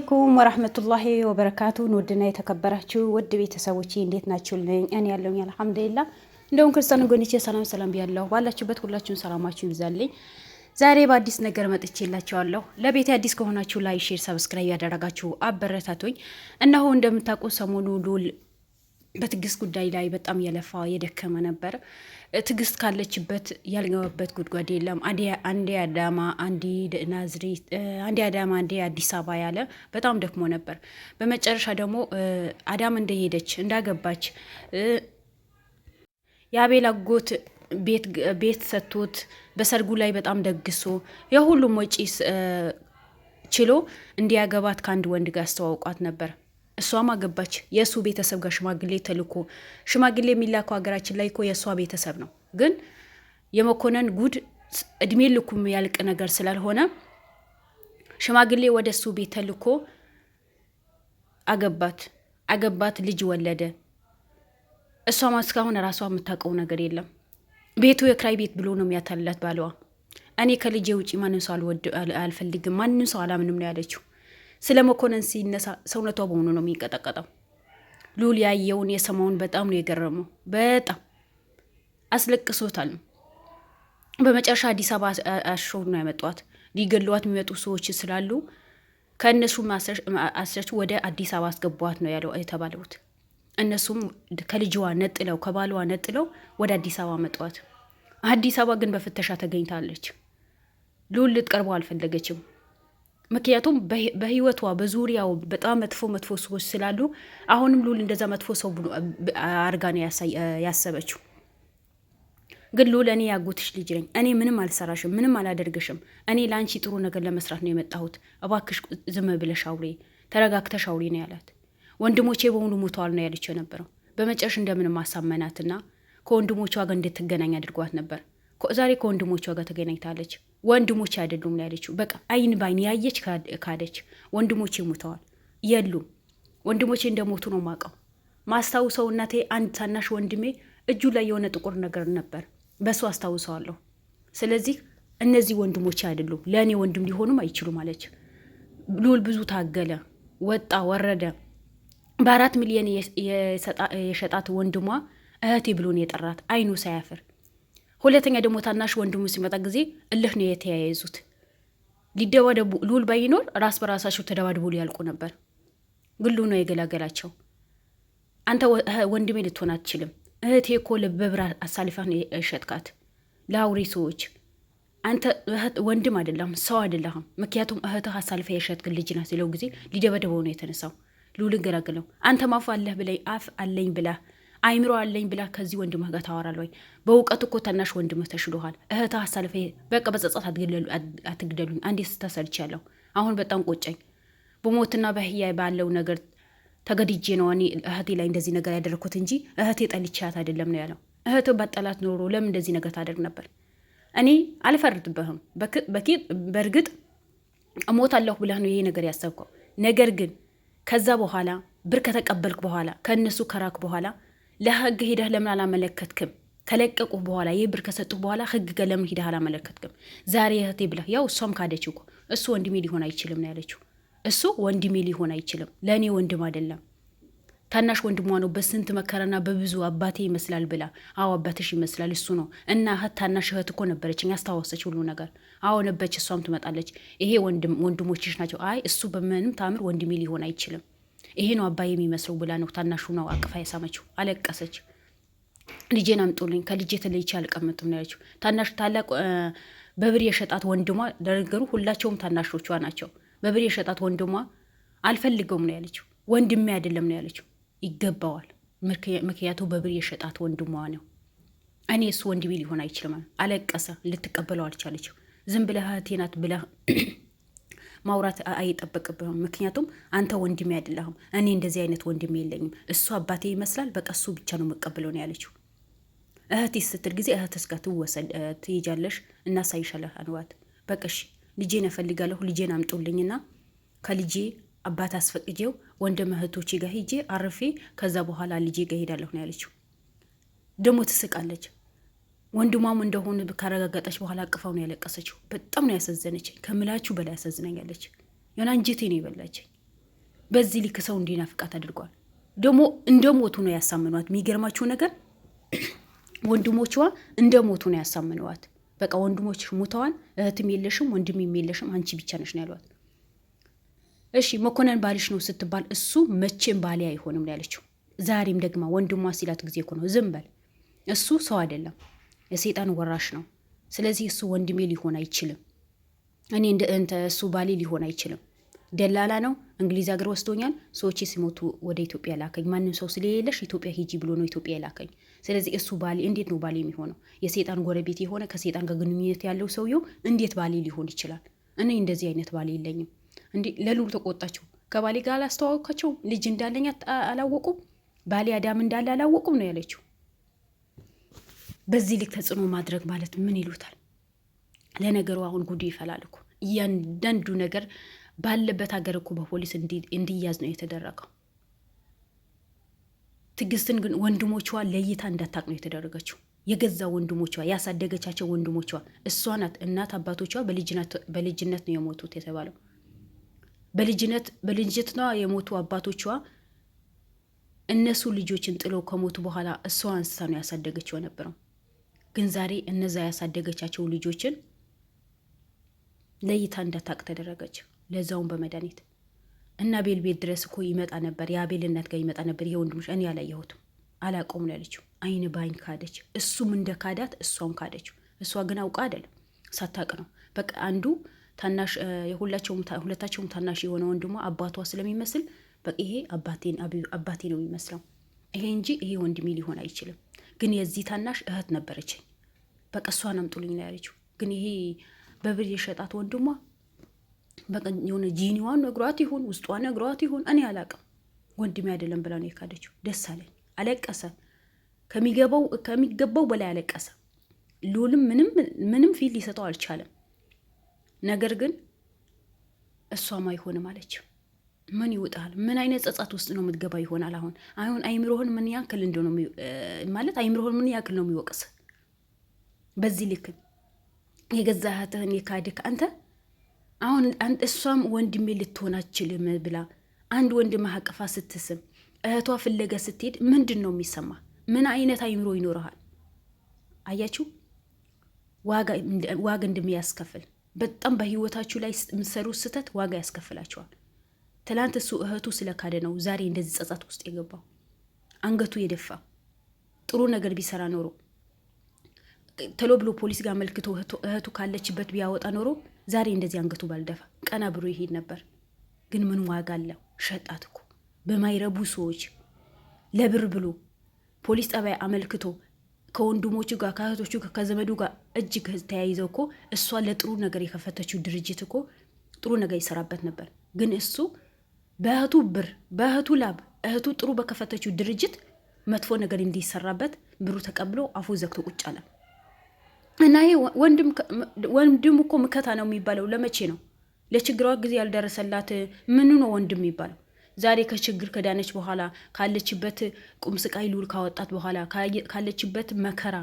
አሰላሙአለይኩም ወራህመቱላሂ ወበረካቱን ውድና የተከበራችሁ ውድ ቤተሰቦች እንዴት ናችሁልኝ? እኔ ያለሁኝ አልሐምዱሊላህ። እንደውም ክርስቲያን ጎንቼ ሰላም ሰላም ብያለሁ። ባላችሁበት ሁላችሁን ሰላማችሁ ይብዛልኝ። ዛሬ በአዲስ ነገር መጥቼላችኋለሁ። ለቤት አዲስ ከሆናችሁ ላይ ሼር፣ ሰብስክራይብ ያደረጋችሁ አበረታቶኝ። እነሆ እንደምታውቁ ሰሞኑ ሉል በትዕግስት ጉዳይ ላይ በጣም የለፋ የደከመ ነበር። ትዕግስት ካለችበት ያልገባበት ጉድጓድ የለም። አንዴ አዳማ፣ አንዴ ናዝሬት፣ አንዴ አዳማ፣ አንዴ አዲስ አበባ ያለ በጣም ደክሞ ነበር። በመጨረሻ ደግሞ አዳም እንደሄደች እንዳገባች የአቤል አጎት ቤት ሰጥቶት በሰርጉ ላይ በጣም ደግሶ የሁሉም ወጪ ችሎ እንዲያገባት ከአንድ ወንድ ጋር አስተዋውቋት ነበር። እሷም አገባች። የእሱ ቤተሰብ ጋር ሽማግሌ ተልኮ ሽማግሌ የሚላከው ሀገራችን ላይ እኮ የእሷ ቤተሰብ ነው። ግን የመኮንን ጉድ እድሜ ልኩም ያልቅ ነገር ስላልሆነ ሽማግሌ ወደ እሱ ቤት ተልኮ አገባት። አገባት፣ ልጅ ወለደ። እሷም እስካሁን ራሷ የምታውቀው ነገር የለም። ቤቱ የክራይ ቤት ብሎ ነው የሚያታልላት ባለዋ። እኔ ከልጄ ውጪ ማንም ሰው አልፈልግም፣ ማንም ሰው አላምንም ነው ያለችው። ስለ መኮንን ሲነሳ ሰውነቷ በሆኑ ነው የሚንቀጠቀጠው። ሉል ያየውን የሰማውን በጣም ነው የገረመው። በጣም አስለቅሶታል። በመጨረሻ አዲስ አበባ አሸው ነው ያመጧት። ሊገሏት የሚመጡ ሰዎች ስላሉ ከእነሱም አስረች ወደ አዲስ አበባ አስገቧት ነው ያለው የተባለውት። እነሱም ከልጅዋ ነጥለው ከባሏ ነጥለው ወደ አዲስ አበባ መጧት። አዲስ አበባ ግን በፍተሻ ተገኝታለች። ሉል ልትቀርበው አልፈለገችም። ምክንያቱም በህይወቷ በዙሪያው በጣም መጥፎ መጥፎ ሰዎች ስላሉ አሁንም ሉል እንደዛ መጥፎ ሰው አርጋ ነው ያሰበችው። ግን ሉል እኔ ያጎትሽ ልጅ ነኝ፣ እኔ ምንም አልሰራሽም፣ ምንም አላደርግሽም። እኔ ለአንቺ ጥሩ ነገር ለመስራት ነው የመጣሁት። እባክሽ ዝም ብለሽ አውሪ፣ ተረጋግተሽ አውሪ ነው ያላት። ወንድሞቼ በሙሉ ሞተዋል ነው ያለችው የነበረው። በመጨረሻ እንደምንም አሳመናትና ከወንድሞቿ ጋር እንድትገናኝ አድርጓት ነበር። ዛሬ ከወንድሞቿ ጋር ተገናኝታለች። ወንድሞች አይደሉም ነው ያለችው። በቃ አይን ባይን ያየች ካደች። ወንድሞቼ ሞተዋል የሉም። ወንድሞቼ እንደሞቱ ነው ማቀው ማስታውሰው እናቴ አንድ ታናሽ ወንድሜ እጁ ላይ የሆነ ጥቁር ነገር ነበር፣ በሱ አስታውሰዋለሁ። ስለዚህ እነዚህ ወንድሞቼ አይደሉም፣ ለእኔ ወንድም ሊሆኑም አይችሉም አለች። ልውል ብዙ ታገለ፣ ወጣ ወረደ። በአራት ሚሊዮን የሸጣት ወንድሟ እህቴ ብሎን የጠራት አይኑ ሳያፍር ሁለተኛ ደግሞ ታናሽ ወንድሙ ሲመጣ ጊዜ እልህ ነው የተያያዙት። ሊደባደቡ ልውል ባይኖር ራስ በራሳቸው ተደባድቦ ሊያልቁ ነበር። ግሉ ነው የገላገላቸው። አንተ ወንድሜ ልትሆን አትችልም፣ እህቴ እኮ ልብብር አሳልፋ ነው የሸጥካት ለአውሬ ሰዎች። አንተ ወንድም አይደለህም፣ ሰው አይደለህም፣ ምክንያቱም እህትህ አሳልፋ የሸጥክ ልጅ ናት ሲለው ጊዜ ሊደበደበው ነው የተነሳው። ልውል ገላገለው። አንተ ማፍ አለህ ብለህ አፍ አለኝ ብላ አይምሮ አለኝ ብላ ከዚህ ወንድምህ ጋር ታወራለህ ወይ? በእውቀት እኮ ታናሽ ወንድምህ ተሽሎሃል። እህትህ አሳልፈ በቃ በጸጸት አትግደሉኝ። አንዴ ተሰልቻለሁ። አሁን በጣም ቆጨኝ። በሞትና በህያ ባለው ነገር ተገድጄ ነው እኔ እህቴ ላይ እንደዚህ ነገር ያደረግኩት እንጂ እህቴ ጠልቻት አይደለም ነው ያለው። እህት በጠላት ኖሮ ለምን እንደዚህ ነገር ታደርግ ነበር? እኔ አልፈርድብህም። በእርግጥ እሞታለሁ ብለህ ነው ይሄ ነገር ያሰብከው። ነገር ግን ከዛ በኋላ ብር ከተቀበልክ በኋላ ከእነሱ ከራክ በኋላ ለህግ ሄደህ ለምን አላመለከትክም? ከለቀቁ በኋላ ይህ ብር ከሰጡ በኋላ ህግ ጋር ለምን ሄደህ አላመለከትክም? ዛሬ እህቴ ብለህ ያው እሷም ካደች እኮ እሱ ወንድሜ ሊሆን አይችልም ነው ያለችው። እሱ ወንድሜ ሊሆን አይችልም፣ ለእኔ ወንድም አይደለም ታናሽ ወንድሟ ነው። በስንት መከራና በብዙ አባቴ ይመስላል ብላ። አዎ አባትሽ ይመስላል እሱ ነው። እና እህት ታናሽ እህት እኮ ነበረች፣ ያስታወሰች ሁሉ ነገር። አዎ ነበች፣ እሷም ትመጣለች። ይሄ ወንድሞችሽ ናቸው። አይ እሱ በምንም ታምር ወንድሜ ሊሆን አይችልም። ይሄ ነው አባይ የሚመስለው ብላ ነው ታናሹ ነው አቅፋ የሳመችው። አለቀሰች። ልጄን አምጡልኝ፣ ከልጄ ተለይቼ አልቀመጥም ነው ያለችው። ታናሽ ታላቅ በብር የሸጣት ወንድሟ፣ ለነገሩ ሁላቸውም ታናሾቿ ናቸው። በብር የሸጣት ወንድሟ አልፈልገውም ነው ያለችው። ወንድሜ አይደለም ነው ያለችው። ይገባዋል፣ ምክንያቱ በብር የሸጣት ወንድሟ ነው። እኔ እሱ ወንድሜ ሊሆን አይችልም። አለቀሰ። ልትቀበለው አልቻለችው። ዝም ብለህ እህቴ ናት ብለህ ማውራት አይጠበቅብህም። ምክንያቱም አንተ ወንድሜ አይደለህም። እኔ እንደዚህ አይነት ወንድሜ የለኝም። እሱ አባቴ ይመስላል። በቃ እሱ ብቻ ነው መቀበለው ነው ያለችው። እህቴ ስትል ጊዜ እህትስ ጋር ትወሰድ ትሄጃለሽ፣ እናሳይሻለህ አንዋት በቀሽ ልጄን እፈልጋለሁ፣ ልጄን አምጡልኝና ከልጄ አባት አስፈቅጄው ወንድም እህቶቼ ጋር ሄጄ አርፌ ከዛ በኋላ ልጄ ጋር ሄዳለሁ ነው ያለችው። ደግሞ ትስቃለች። ወንድሟም እንደሆኑ ካረጋገጠች በኋላ አቅፋው ነው ያለቀሰችው። በጣም ነው ያሳዘነችኝ፣ ከምላችሁ በላይ ያሳዝናኛለች። የሆነ አንጀቴ ነው የበላችኝ። በዚህ ልክ ሰው እንዲናፍቃት አድርጓል። ደግሞ እንደ ሞቱ ነው ያሳምኗት። የሚገርማችሁ ነገር ወንድሞቿ እንደ ሞቱ ነው ያሳምነዋት። በቃ ወንድሞች ሙተዋል፣ እህትም የለሽም፣ ወንድምም የለሽም፣ አንቺ ብቻ ነሽ ነው ያሏት። እሺ መኮንን ባልሽ ነው ስትባል እሱ መቼም ባሌ አይሆንም ነው ያለችው። ዛሬም ደግማ ወንድሟ ሲላት ጊዜ እኮ ነው ዝም በል እሱ ሰው አይደለም የሰይጣን ወራሽ ነው። ስለዚህ እሱ ወንድሜ ሊሆን አይችልም። እኔ እንደ እንተ እሱ ባሌ ሊሆን አይችልም። ደላላ ነው። እንግሊዝ ሀገር ወስዶኛል። ሰዎች ሲሞቱ ወደ ኢትዮጵያ ላከኝ። ማንም ሰው ስለሌለሽ ኢትዮጵያ ሂጂ ብሎ ነው ኢትዮጵያ ላከኝ። ስለዚህ እሱ ባሌ እንዴት ነው ባሌ የሚሆነው? የሰይጣን ጎረቤት የሆነ ከሰይጣን ጋር ግንኙነት ያለው ሰውየው እንዴት ባሌ ሊሆን ይችላል? እኔ እንደዚህ አይነት ባሌ የለኝም። እንዴ ለሉሉ ተቆጣቸው። ከባሌ ጋር አላስተዋወቃቸውም። ልጅ እንዳለኝ አላወቁም። ባሌ አዳም እንዳለ አላወቁም ነው ያለችው። በዚህ ልክ ተጽዕኖ ማድረግ ማለት ምን ይሉታል? ለነገሩ አሁን ጉዱ ይፈላል እኮ እያንዳንዱ ነገር ባለበት ሀገር እኮ በፖሊስ እንዲያዝ ነው የተደረገው። ትግስትን ግን ወንድሞቿ ለይታ እንዳታቅ ነው የተደረገችው። የገዛ ወንድሞቿ ያሳደገቻቸው ወንድሞቿ እሷ ናት። እናት አባቶቿ በልጅነት ነው የሞቱት የተባለው በልጅነት በልጅነት የሞቱ አባቶቿ እነሱ ልጆችን ጥለው ከሞቱ በኋላ እሷ አንስታ ነው ያሳደገችው ነበረው። ግን ዛሬ እነዛ ያሳደገቻቸው ልጆችን ለይታ እንዳታቅ ተደረገች። ለዛውን በመድኃኒት እና ቤል ቤት ድረስ እኮ ይመጣ ነበር። የአቤልነት ጋር ይመጣ ነበር። ይሄ ወንድሞች እኔ አላየሁትም አላቆም ያለችው አይን በአይን ካደች። እሱም እንደ ካዳት እሷም ካደችው። እሷ ግን አውቃ አይደለም ሳታቅ ነው። በቃ አንዱ ታናሽ ሁለታቸውም ታናሽ የሆነ ወንድሟ አባቷ ስለሚመስል በቃ ይሄ አባቴ ነው የሚመስለው ይሄ እንጂ ይሄ ወንድሜ ሊሆን አይችልም ግን የዚህ ታናሽ እህት ነበረችኝ። በቃ እሷን አምጡልኝ ነው ያለችው። ግን ይሄ በብር የሸጣት ወንድሟ በቃ የሆነ ጂኒዋን ነግሯት ይሁን ውስጧ ነግሯት ይሁን እኔ አላቅም። ወንድሜ አይደለም ብላ ነው የካደችው። ደስ አለኝ። አለቀሰ። ከሚገባው ከሚገባው በላይ አለቀሰ። ልዑልም ምንም ፊት ሊሰጠው አልቻለም። ነገር ግን እሷም አይሆንም አለችው። ምን ይውጣል? ምን አይነት ጸጸት ውስጥ ነው የምትገባ ይሆናል? አሁን አሁን አይምሮህን ምን ያክል እንደሆነ ማለት አይምሮህን ምን ያክል ነው የሚወቅስ? በዚህ ልክ የገዛህትህን የካድክ አንተ አሁን እሷም ወንድሜ ልትሆን አችልም ብላ አንድ ወንድም አቅፋ ስትስም እህቷ ፍለገ ስትሄድ ምንድን ነው የሚሰማ? ምን አይነት አይምሮ ይኖረሃል? አያችሁ ዋጋ እንደሚያስከፍል በጣም በህይወታችሁ ላይ የምትሰሩ ስህተት ዋጋ ያስከፍላችኋል። ትላንት እሱ እህቱ ስለካደ ነው ዛሬ እንደዚህ ጸጸት ውስጥ የገባው አንገቱ የደፋ ጥሩ ነገር ቢሰራ ኖሮ ተሎ ብሎ ፖሊስ ጋር አመልክቶ እህቱ ካለችበት ቢያወጣ ኖሮ ዛሬ እንደዚህ አንገቱ ባልደፋ ቀና ብሎ ይሄድ ነበር። ግን ምን ዋጋ አለው? ሸጣት እኮ በማይረቡ ሰዎች ለብር ብሎ ፖሊስ ጣቢያ አመልክቶ ከወንድሞቹ ጋር ከእህቶቹ ጋር ከዘመዱ ጋር እጅግ ተያይዘው እኮ እሷ ለጥሩ ነገር የከፈተችው ድርጅት እኮ ጥሩ ነገር ይሰራበት ነበር። ግን እሱ በእህቱ ብር በእህቱ ላብ እህቱ ጥሩ በከፈተችው ድርጅት መጥፎ ነገር እንዲሰራበት ብሩ ተቀብሎ አፉ ዘግቶ ቁጭ አለ እና ይሄ ወንድም እኮ ምከታ ነው የሚባለው። ለመቼ ነው? ለችግሯ ጊዜ ያልደረሰላት ምኑ ነው ወንድም የሚባለው? ዛሬ ከችግር ከዳነች በኋላ ካለችበት ቁም ስቃይ ልውል ካወጣት በኋላ ካለችበት መከራ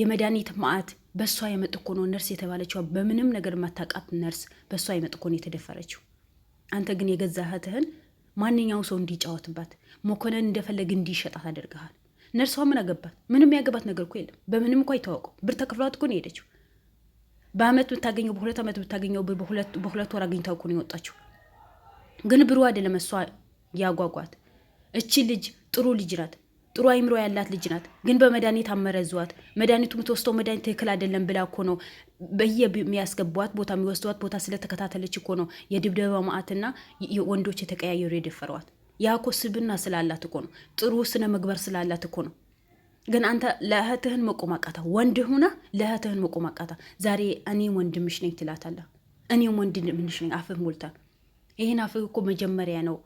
የመድኃኒት ማዕት በእሷ የመጥኮ ነው ነርስ የተባለችዋ በምንም ነገር ማታቃት ነርስ በእሷ የመጥኮ ነው የተደፈረችው። አንተ ግን የገዛ እህትህን ማንኛው ሰው እንዲጫወትባት መኮንን እንደፈለግ እንዲሸጣ አድርገሃል። ነርሷ ምን አገባት? ምንም ያገባት ነገር እኮ የለም። በምንም እኳ አይታወቀው ብር ተከፍሏት እኮ ነው የሄደችው። በአመት ብታገኘው በሁለት ዓመት ብታገኘው ብር በሁለት ወር አግኝታው እኮ ነው የወጣችው። ግን ብሩ አይደለም እሷ ያጓጓት። እቺ ልጅ ጥሩ ልጅ ናት። ጥሩ አይምሮ ያላት ልጅ ናት፣ ግን በመድኃኒት አመረዟት። መድኃኒቱ የምትወስደው መድኃኒት ትክክል አይደለም ብላ እኮ ነው በየ ቦታ የሚወስደዋት ቦታ ስለተከታተለች እኮ ነው የድብደባ ማዕትና ወንዶች የተቀያየሩ የደፈሯት። ያ እኮ ስብና ስላላት እኮ ነው፣ ጥሩ ስነ ምግባር ስላላት እኮ ነው። ግን አንተ ለእህትህን መቆም አቃታ፣ ወንድ ሁና ለእህትህን መቆም አቃታ። ዛሬ እኔ ወንድምሽ ነኝ ትላታለህ። እኔም ወንድምሽ ነኝ አፍህ ሞልተ። ይህን አፍህ እኮ መጀመሪያ ነው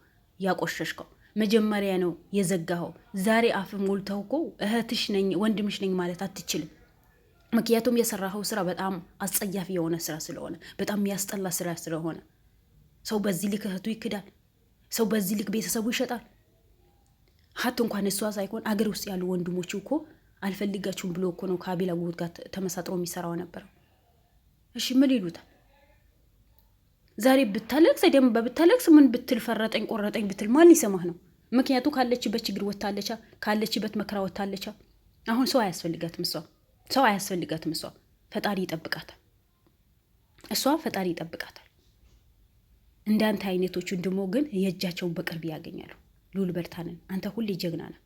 ያቆሸሽከው። መጀመሪያ ነው የዘጋኸው። ዛሬ አፍ ሞልተው እኮ እህትሽ ነኝ ወንድምሽ ነኝ ማለት አትችልም። ምክንያቱም የሰራኸው ስራ በጣም አስጸያፊ የሆነ ስራ ስለሆነ በጣም የሚያስጠላ ስራ ስለሆነ ሰው በዚህ ልክ እህቱ ይክዳል። ሰው በዚህ ልክ ቤተሰቡ ይሸጣል። ሀት እንኳን እሷ ሳይሆን አገር ውስጥ ያሉ ወንድሞቹ እኮ አልፈልጋችሁም ብሎ እኮ ነው ከአቤላ ጉት ጋር ተመሳጥሮ የሚሰራው ነበረው። እሺ ምን ይሉታል? ዛሬ ብታለቅስ ደም በብታለቅስ ምን ብትል ፈረጠኝ ቆረጠኝ ብትል ማን ሊሰማህ ነው? ምክንያቱ ካለችበት ችግር ወታለቻ፣ ካለችበት መከራ ወታለቻ። አሁን ሰው አያስፈልጋትም፣ እሷ ሰው አያስፈልጋትም። እሷ ፈጣሪ ይጠብቃታል፣ እሷ ፈጣሪ ይጠብቃታል። እንዳንተ አይነቶቹን ደግሞ ግን የእጃቸውን በቅርብ ያገኛሉ። ሉል በርታንን አንተ ሁሌ ጀግና ነህ።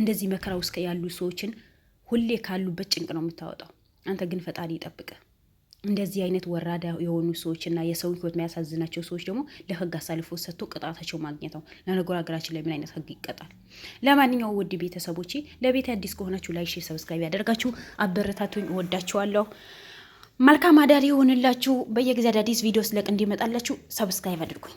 እንደዚህ መከራ ውስጥ ያሉ ሰዎችን ሁሌ ካሉበት ጭንቅ ነው የምታወጣው። አንተ ግን ፈጣሪ ይጠብቅህ። እንደዚህ አይነት ወራዳ የሆኑ ሰዎች እና የሰውን ህይወት የሚያሳዝናቸው ሰዎች ደግሞ ለህግ አሳልፎ ሰጥቶ ቅጣታቸው ማግኘት ነው። ለነገሩ ሀገራችን ለምን አይነት ህግ ይቀጣል? ለማንኛውም ውድ ቤተሰቦቼ ለቤት አዲስ ከሆናችሁ ላይ ሼር፣ ሰብስክራይብ ያደርጋችሁ አበረታቱኝ። እወዳችኋለሁ። መልካም አዳር የሆንላችሁ። በየጊዜ አዳዲስ ቪዲዮ ስለቅ እንዲመጣላችሁ ሰብስክራይብ አድርጉኝ።